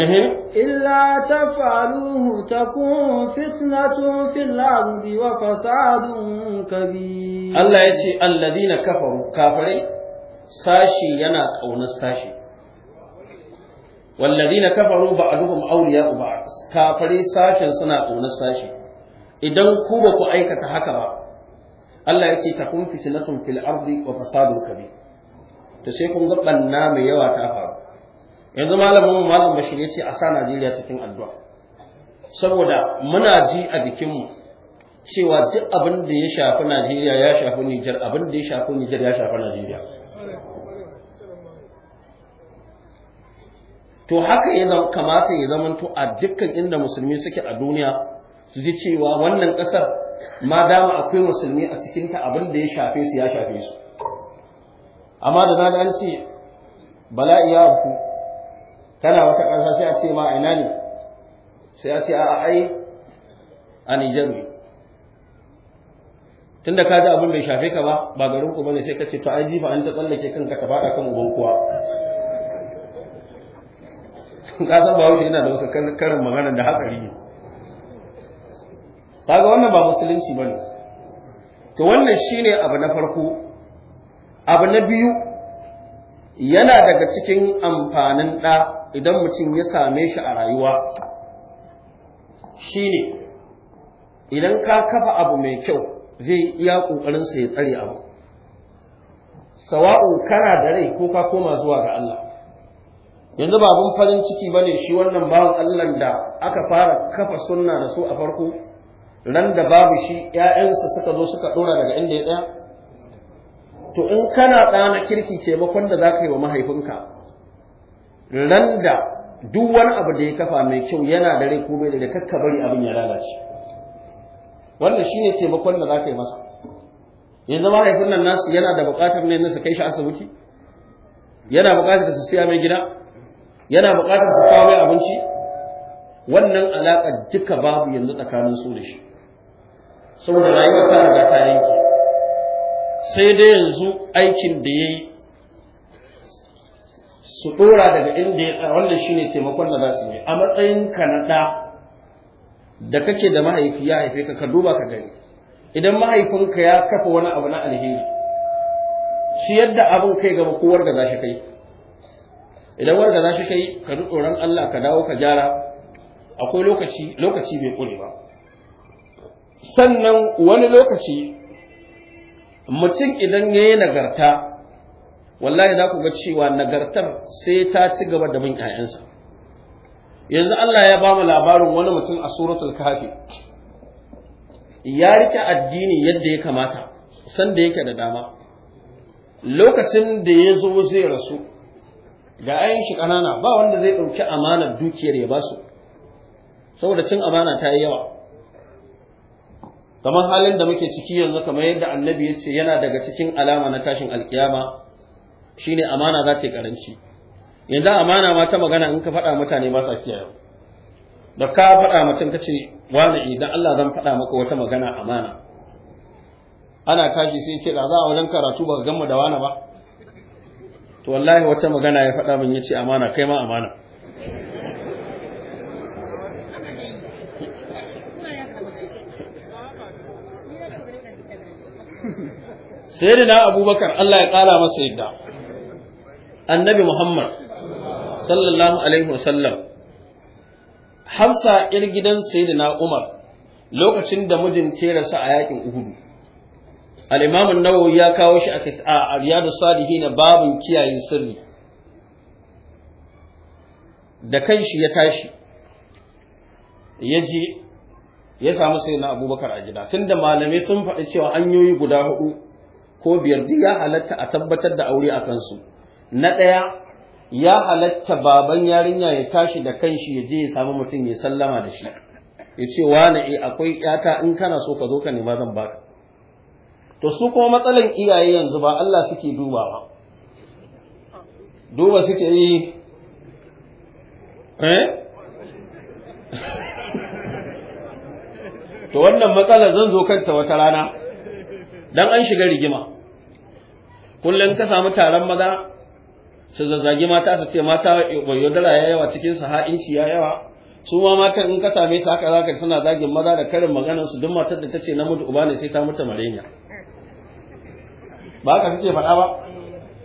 illa taf'aluhu takun fitnatun fil ardi wa fasadun kabir Allah yace allazina kafaru kafirai sashi yana kaunar sashi wallazina kafaru ba'duhum awliya'u ba'd kafirai sashin suna kaunar sashi idan ku ba ku aikata haka ba Allah ya ce takun fitnatun fil ardi wa fasadun kabi, to sai kun ga na mai yawa ta faru yanzu malamin mu malam Bashir ya ce a sa Najeriya cikin addu'a saboda muna ji a mu cewa duk abin da ya shafi Najeriya ya shafi Niger, abin da ya shafi Niger ya shafi Najeriya to haka ya kamata ya zamanto a dukkan inda musulmi suke a duniya su ji cewa wannan ƙasar ma dama akwai musulmi a cikinta abin da ya shafe su ya shafe su amma da da an ce bala'i ya ku kana wata ƙasa sai a ce ma ina ne sai a ce a ai a Nijar ne tunda ka ji abin bai shafe ka ba ba garin ku bane sai ka ce to ai jifa an ta tsallake kanka ka faɗa kan uban kuwa ka san ba wuce yana da wasu karin magana da hatsari ne kaga wannan ba musulunci bane to wannan shine abu na farko abu na biyu yana daga cikin amfanin ɗa idan mutum ya same shi a rayuwa shine idan ka kafa abu mai kyau zai iya sa ya tsare abu sawa'un kana da rai ko ka koma zuwa ga Allah yanzu ba abin farin ciki ba shi wannan bawan Allah da aka fara kafa sunna da su a farko ran da babu shi ‘ya'yansa suka zo suka ɗora daga inda ya ɗaya, To, in kana ɗana kirki taimakon da za ka yi wa mahaifinka, ran da duk wani abu da ya kafa mai kyau yana da rai ko bai da kakka bari abin ya lalace. Wannan shi ne taimakon da za ka yi masa. Yanzu mahaifin nan nasu yana da buƙatar ne su kai shi asibiti? Yana buƙatar su siya mai gida? Yana buƙatar su kawo mai abinci? Wannan alaƙar duka babu yanzu tsakanin su da shi. saboda rayuwar ta riga ta yanke sai dai yanzu aikin da ya yi su ɗora daga inda ya tsara wanda shine taimakon da za su yi a matsayin ka na da da kake da mahaifi ya haife ka ka duba ka gani idan mahaifinka ya kafa wani abu na alheri shi yadda abin kai gaba ko warga za shi kai idan warga za shi kai ka ji tsoron Allah ka dawo ka gyara akwai lokaci lokaci bai ƙure ba sannan wani lokaci mutum idan ya yi nagarta wallahi za ku ga cewa nagartar sai ta ci gaba da bin 'ya'yansa yanzu Allah ya ba mu labarin wani mutum a suratul kafi ya rike addini yadda ya kamata sanda yake da dama lokacin da ya zo zai rasu ga ayin shi ƙanana ba wanda zai ɗauki amanar dukiyar ya ba su saboda cin amana ta yi yawa kamar halin da muke ciki yanzu kamar yadda annabi ya ce yana daga cikin alama na tashin alkiyama shine amana za ta yi karanci yanzu amana ma ta magana in ka faɗa mutane ba sa kiyaye da ka faɗa mutum ka ce wani idan Allah zan faɗa maka wata magana amana ana kashi sai ce da za a wajen karatu ba gama da wani ba to wallahi wata magana ya faɗa min ya ce amana kai ma amana sayyidina abubakar Allah ya kara masa yadda annabi muhammad sallallahu alaihi wasallam hafsa ir gidan sayyidina umar lokacin da mijin tera sa a yakin uhudu al-imam an-nawawi ya kawo shi a Riyadu salihin babun kiyaye sirri da kanshi ya tashi ya ji ya samu sai na abubakar a gida tunda malamai sun faɗi cewa hanyoyi guda hudu ko biyar duk ya halatta a tabbatar da aure a kansu na ɗaya ya halatta baban yarinya ya tashi da kanshi ya je ya samu mutum ya sallama da shi ya ce wane e akwai yata in kana so ka zo ka nema zan baka to su kuma matsalan iyaye yanzu ba Allah suke dubawa duba suke yi eh? to wannan matsalar zan zo kanta wata rana dan an shiga rigima kullum ka samu taron maza su zazzagi mata su ce mata wayo yaudara ya yawa cikin su ha'inci ya yawa su ma matan in ka same ta haka zaka suna zagin maza da karin maganar su duk matar da ta ce namiji uba ne sai ta mutu marenya ba haka suke faɗa ba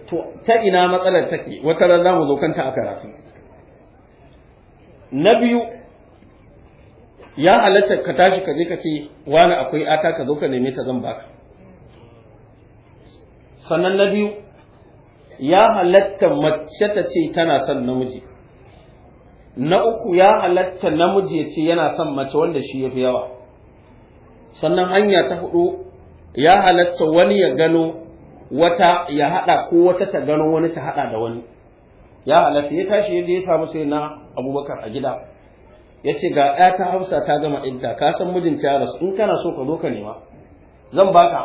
to ta ina matsalar take wata ran mu zo kanta a karatu na biyu ya halatta ka tashi ka je ka ce wani akwai ata ka zo ka neme ta zan baka sannan na biyu ya halatta mace ta ce tana son namiji na uku ya halatta namiji ya ce yana son mace wanda shi ya fi yawa sannan hanya ta hudu ya halatta wani ya gano wata ya haɗa ko wata ta gano wani ta haɗa da wani ya halatta ya tashi yadda ya samu sai na abubakar a gida ya ce ga 'ya ta hafsa ta gama idda ka san mijinta ya rasu in kana so ka zo ka nema zan baka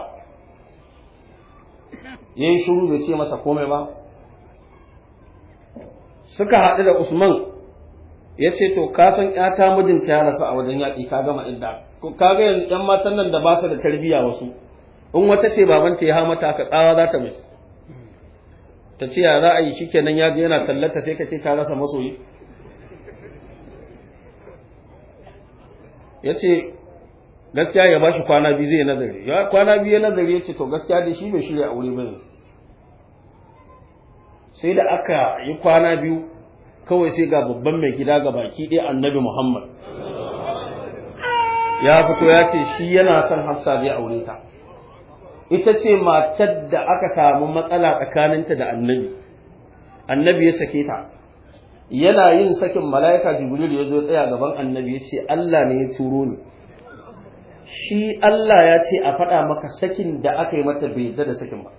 ya yi shuru bai ce masa komai ba suka haɗu da usman ya ce to ka san ta mijinta ya rasu a wajen yaƙi ka gama idda ko ka ga yanzu ƴan matan nan da ba su da tarbiyya wasu in wata ce babanta ya hamata ka tsawa za ta mai ta ce ya za a yi shikenan ya yana tallata sai ka ce ka rasa masoyi ya ce gaskiya ya ba shi kwana biyu zai nazari ya kwana biyu ya nazari ya ce to gaskiya da shi bai shirya aure ba sai da aka yi kwana biyu kawai sai ga babban mai gida ga baki ɗaya annabi muhammad ya fito ya ce shi yana son hafsa zai aure ta ita ce matar da aka samu matsala tsakaninta da annabi annabi ya sake ta yana yin sakin mala'ika jibril ya zo tsaya gaban annabi ya ce Allah ne ya turo ni shi Allah ya ce a faɗa maka sakin da aka yi mata bai da sakin ba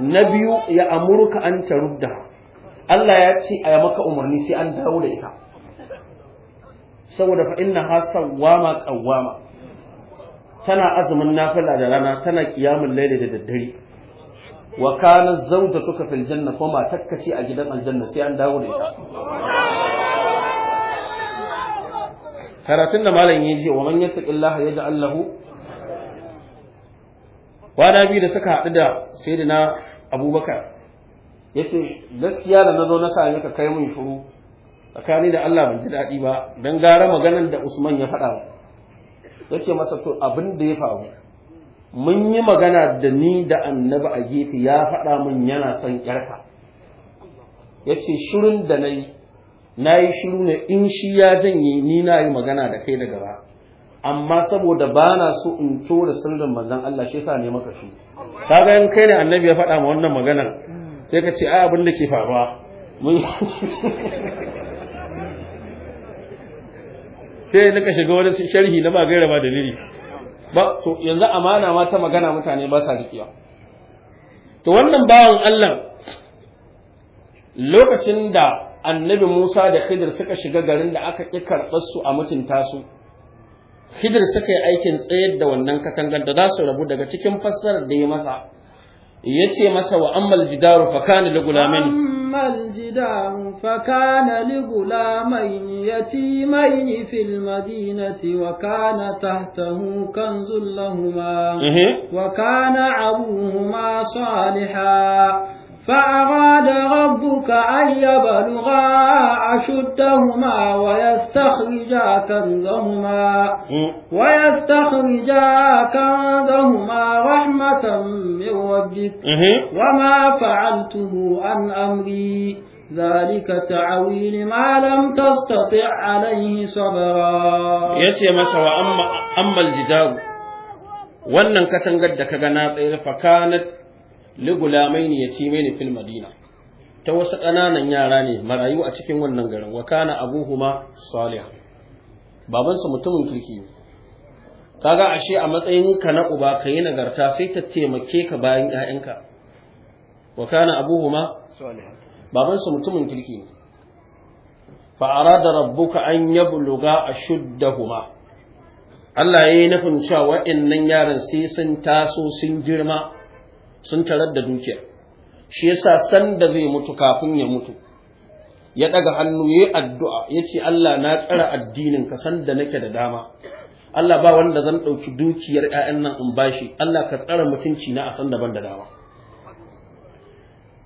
na biyu ya amurka an tarudda Allah ya ce a maka umarni sai an dawo da ita saboda fa inna Wama qawama tana azumin nafila da rana tana qiyamul layli da daddare wa kana tuka fil janna kuma takkaci a gidan aljanna sai an dawo da ita karatun da malam ya ji wa man yattaqillaha yaj'al lahu na biyu da suka haɗu da sayyidina abubakar yace gaskiya da nazo na same ka kai mun shuru tsakani da Allah ban ji daɗi ba dan gara maganar da Usman ya faɗa yace masa to abin da ya faru mun yi magana da ni da annabi a gefe ya faɗa min yana son yarka ya ce shirin da na yi na yi shiru ne in shi ya janye ni na yi magana da kai daga ba amma saboda ba na so in tura sirrin manzon Allah shi yasa ne maka shi kaga in kai ne annabi ya faɗa ma wannan maganar sai ka ce ai abin da ke faruwa mun sai nika shiga wani sharhi na ba gaira ba dalili ba to yanzu amana ma ta magana mutane ba sa rikewa to wannan bawan Allah lokacin da annabi Musa da Khidir suka shiga garin da aka ki karɓar su a mutunta su Khidir suka yi aikin tsayar da wannan katangar da za su rabu daga cikin fassarar da ya masa yace masa wa ammal jidaru fa kana li gulamain ammal jidaru fa kana li gulamain yatimain fil madinati wa kana tahtahu kanzul lahumā mhm. wa kana abūhumā ṣāliḥā فأراد ربك أن يبلغا أشدهما ويستخرجا كنزهما ويستخرجا كنزهما رحمة من ربك وما فعلته عن أمري ذلك تعويل ما لم تستطع عليه صبرا يتي ما وأما أما الجدار وأن كتنجد da فكانت ligulamaini yatimaini fil madina ta wasu ƙananan yara ne marayu a cikin wannan garin wa kana abuhuma salih babansa mutumin kirki ne kaga ashe a matsayin ka na uba ka yi nagarta sai ta taimake ka bayan ƴaƴanka wa kana abuhuma salih babansa mutumin kirki ne fa arada rabbuka an yabluga ashuddahuma Allah ya yi nufin cewa waɗannan yaran sai sun taso sun girma sun tarar da dukiya. shi yasa san da zai mutu kafin ya mutu ya ɗaga hannu yayi addu'a ya ce Allah na tsara addinin ka san da nake da dama Allah ba wanda zan ɗauki dukiyar 'ya'yan nan in bashi Allah ka tsara mutunci na a san daban da dama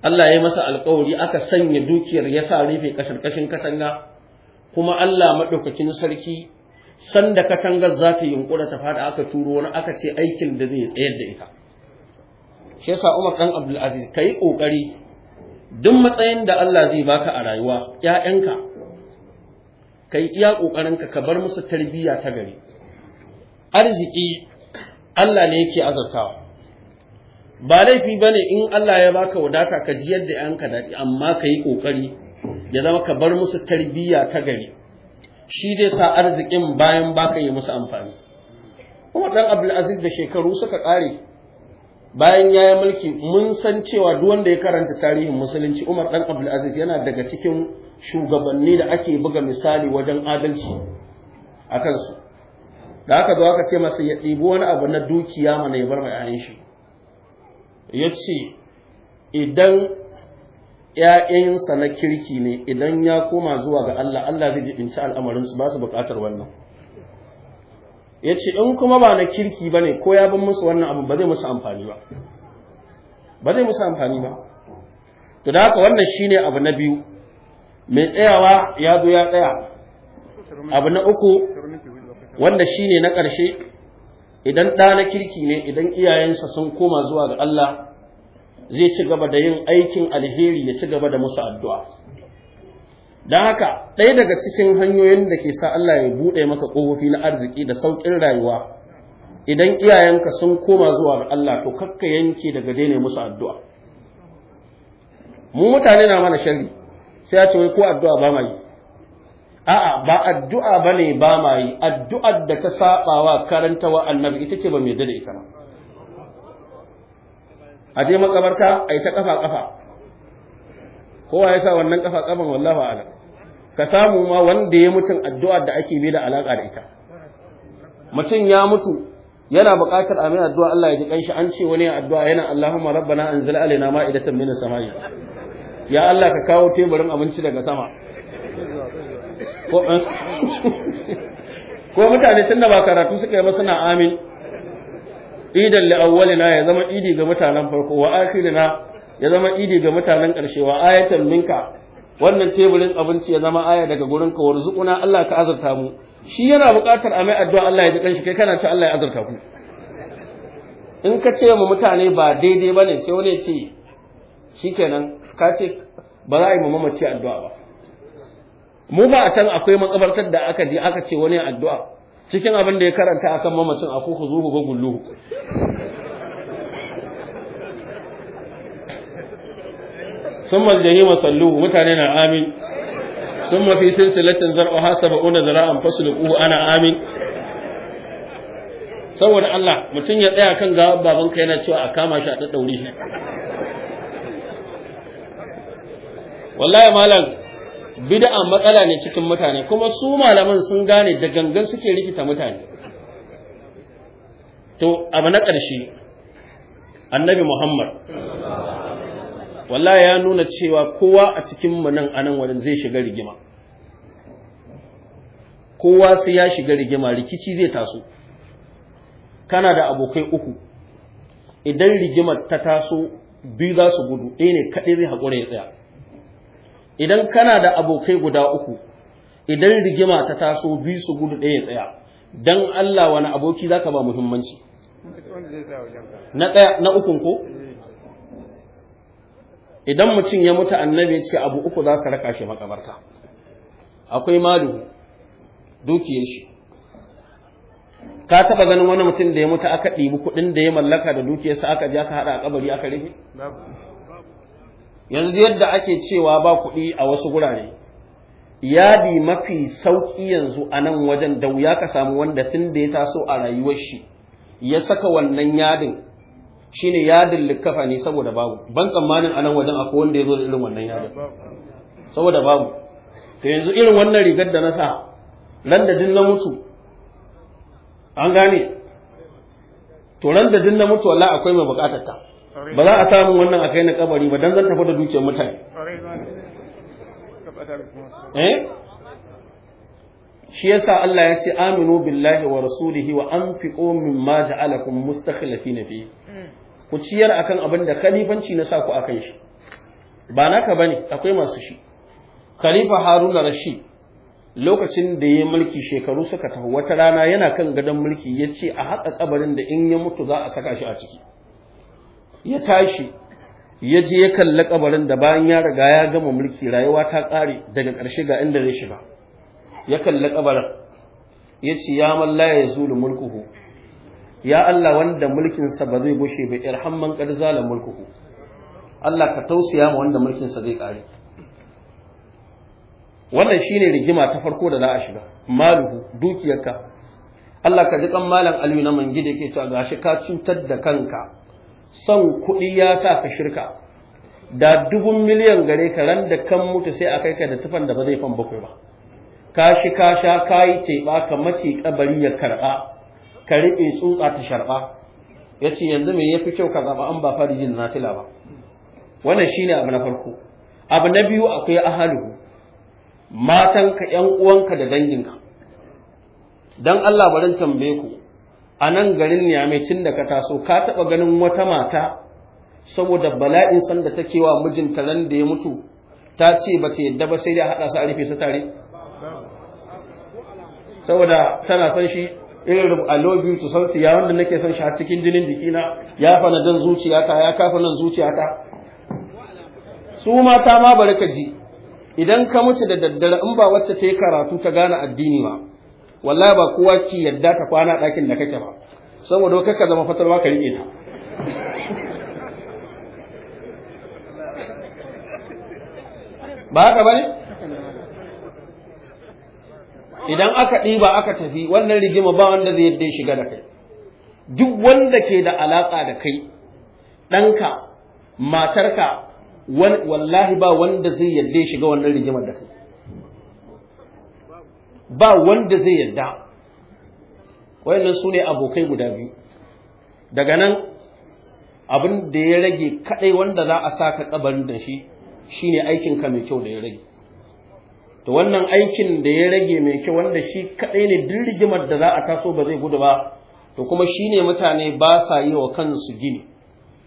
Allah ya masa alƙawari aka sanya dukiyar ya sa rufe kashin katanga kuma Allah madaukakin sarki sanda katangar za ta yunkura ta fada aka turo wani aka ce aikin da zai tsayar da ita shi yasa Umar dan Abdul Aziz kai kokari duk matsayin da Allah zai baka a rayuwa ƴaƴanka kai iya kokarin ka bar musu tarbiyya ta gari arziki Allah ne yake azurtawa ba laifi bane in Allah ya baka wadata ka ji yadda ƴanka daɗi amma ka yi kokari ya zama ka bar musu tarbiyya ta gari shi dai sa arzikin bayan baka yi musu amfani kuma dan Abdul Aziz da shekaru suka ƙare bayan ya yi mulki mun san cewa duk wanda ya karanta tarihin musulunci Umar dan Abdul Aziz yana daga cikin shugabanni da ake buga misali wajen adalci a kansu da aka zo aka ce masa ya ɗibi wani abu na dukiya mana ya bar mai ayin shi ya ce idan ‘ya'yansa na kirki ne idan ya koma zuwa ga Allah Allah zai jibinci al'amarinsu ba su buƙatar wannan ya ce in kuma ba na kirki ba ne ko ya bin musu wannan abu ba zai musu amfani ba ba zai musu amfani ba to da haka wannan shi ne abu na biyu mai tsayawa ya zo ya tsaya abu na uku wanda ne na ƙarshe idan ɗa na kirki ne idan iyayensa sun koma zuwa ga Allah zai ci gaba da yin aikin alheri ya ci gaba da musu addu'a don haka ɗaya daga cikin hanyoyin da ke sa Allah ya buɗe maka ƙofofi na arziki da sauƙin rayuwa idan iyayenka sun koma zuwa ga Allah to kakka yanke daga ne musu addu'a mu mutane na mana sharri sai ya ce wai ko addu'a ba ma yi a'a ba addu'a ba ne ba ma yi addu'ar da ta saɓa wa wa annabi ita ce ba mai da ita ba a je makabarta a yi ta ƙafa ƙafa. kowa ya sa wannan ƙafa-ƙafan wallahu a'lam ka samu ma wanda ya mutun addu'ar da ake bi da alaka da ita mutum ya mutu yana buƙatar amin addu'a Allah ya ji kanshi an ce wani addu'a yana Allahumma rabbana anzil alaina ma'idatan minas samai ya Allah ka kawo teburin abinci daga sama ko eh, mutane tun da ba karatu suka yi ba suna amin idan awwalina ya zama idi ga mutanen farko wa akhirina ya zama idi ga mutanen ƙarshe wa ayatan minka wannan teburin abinci ya zama aya daga gurin ka warzuquna Allah ka azurta mu shi yana buƙatar a mai addu'a Allah ya ji kanshi kai kana ta Allah ya azurta ku in ka ce mu mutane ba daidai bane sai wani ya ce shikenan ka ce ba za a yi mu mamaci addu'a ba mu ba a can akwai makabartar da aka je aka ce wani addu'a cikin abin da ya karanta akan mamacin akwai huzuhu gulluhu ثم الجحيم صلوه متاننا آمين ثم في سلسلة ذرعها سبعون ذراعا فاسلكوه أنا آمين saboda Allah mutum ya tsaya kan gawa babanka yana cewa a kama shi a ɗaɗɗaure shi wallahi malam bid'a matsala ne cikin mutane kuma su malaman sun gane da gangan suke rikita mutane to abu na ƙarshe annabi Muhammad walla ya nuna cewa kowa a cikin mu nan anan wannan zai shiga rigima kowa sai ya shiga rigima rikici zai taso kana da abokai uku idan rigimar ta taso biyu za su gudu ɗaya ne kaɗai zai haƙura ya tsaya idan kana da abokai guda uku idan rigima ta taso biyu su gudu ɗaya ya tsaya don Allah wani aboki za ka ba muhimmanci na ukun ko idan mutum ya mutu annabi ya ce abu uku za su raka shi makabarta akwai malu dukiyar shi ka taba ganin wani mutum da ya mutu aka ɗibi kuɗin da ya mallaka da dukiyarsa aka je aka haɗa a kabari aka rufe yanzu yadda ake cewa ba kuɗi a wasu gurare yadi mafi sauƙi yanzu a nan wajen da wuya ka samu wanda tun da ya taso a rayuwar shi ya saka wannan yadin shine yadin likafa ne saboda babu ban tsammanin anan wajen akwai wanda ya zo da irin wannan yadin saboda babu to yanzu irin wannan rigar da na sa ran da din na mutu an gane to ran da din na mutu wallahi akwai mai bukatar ta ba za a samu wannan a kai na kabari ba dan zan tafi da dukiyar mutane eh shi yasa Allah ya ce aminu billahi wa rasulihi wa anfiqu mimma ja'alakum mustakhlifina fihi ku ciyar akan abin da kalifanci na sa ku a kan shi ba naka bane akwai masu shi khalifa haruna rashi lokacin da ya mulki shekaru suka tafi wata rana yana kan gadon mulki ya ce a haƙa kabarin da in ya mutu za a saka shi a ciki ya tashi ya je ya kalli kabarin da bayan ya riga ya gama mulki rayuwa ta ƙare daga ƙarshe ga inda zai shiga ya kalli kabarin ya ce ya malla ya zulu mulkuhu ya Allah wanda mulkinsa ba zai bushe ba irham man qad zala mulkuhu Allah ka tausaya ma wanda mulkinsa zai kare wannan shine rigima ta farko da za a shiga maluhu dukiyarka Allah ka ji kan malam Aliyu na mangi da yake cewa gashi ka cutar da kanka son kuɗi ya sa ka shirka da dubun miliyan gare ka ran da kan mutu sai a kai ka da tufan da ba zai fan bakwai ba ka shi ka sha ka yi teɓa ka mace kabari ya karɓa ka riƙe tsutsa ta sharɓa ya ce yanzu me ya fi kyau ka zaɓa an ba farijin nafila ba wannan shine abu na farko abu na biyu akwai ahalu ka, 'yan uwanka da danginka dan Allah barin tambaye ku a nan garin mai tun da ka taso ka taɓa ganin wata mata saboda bala'in sanda take wa mijinta ran da ya mutu ta ce ba ta yadda ba sai da haɗa su a rufe su tare saboda tana son shi irin a lobi to san siya wanda nake son shi a cikin jinin jikina ya fana dan zuciyata ya kafa nan zuciyata su mata ma bari ka ji idan ka mutu da daddare in ba wacce ta yi karatu ta gane addini ba, wallahi ba kowa ki yadda ta kwana ɗakin da kake ba saboda ka zama fatarwa ka riƙe ta ba haka ba ne idan aka ɗiba aka tafi wannan rigima ba wanda zai yadda shiga da kai duk wanda ke da alaƙa da kai ɗanka matarka wallahi ba wanda zai yadda ya shiga wannan rigimar da kai ba wanda zai yadda wayannan su ne abokai guda biyu daga nan abin da ya rage kaɗai wanda za a sa ka ƙabarin da shi shine aikinka mai kyau da ya rage to wannan aikin da ya rage mai kyau wanda shi kadai ne duk rigimar da za a taso ba zai gudu ba to kuma shi ne mutane ba sa yi wa kansu gini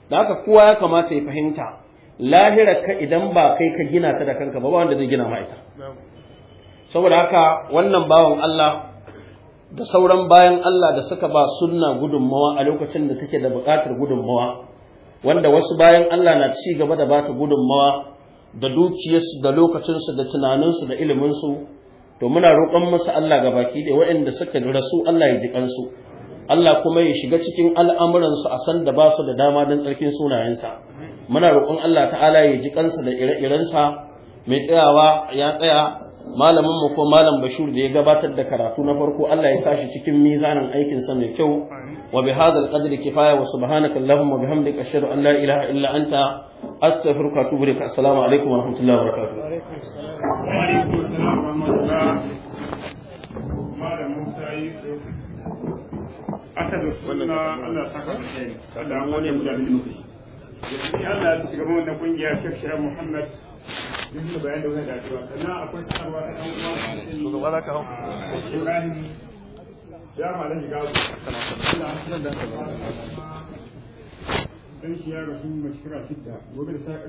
da haka kowa ya kamata ya fahimta lahira ka idan ba kai ka gina ta da kanka ba ba wanda zai gina ma'aita saboda haka wannan bawan Allah da sauran bayan Allah da suka ba sunna gudunmawa a lokacin da take da buƙatar gudunmawa wanda wasu bayan Allah na ci gaba da ba ta gudunmawa da dukiyarsu da lokacinsu da tunaninsu da iliminsu to muna roƙon masa Allah ga baki da waɗanda suka rasu Allah ya ji kansu Allah kuma ya shiga cikin al'amuransu a san da ba su da dama don tsarkin sunayensa muna roƙon Allah ta'ala ya ji kansa da ire-irensa mai tsayawa ya tsaya malamin mu ko malam Bashir da ya gabatar da karatu na farko Allah ya sa shi cikin mizanin aikinsa mai kyau وبهذا القدر كفاية وسبحانك اللهم وبحمدك أشهد أن لا إله إلا أنت أستغفرك وأتوب إليك السلام عليكم ورحمة الله وبركاته. وعليكم السلام ورحمة الله. أسد السنة الله سكر الله أولي مجاهدين Allah ya shiga wannan kungiya Sheikh Sheikh Muhammad duk bayan da wannan da cewa sannan akwai sanarwa ta kan uwa Ibrahim ya malam shiga su dan shi ya rasu mai shekara shidda gobe da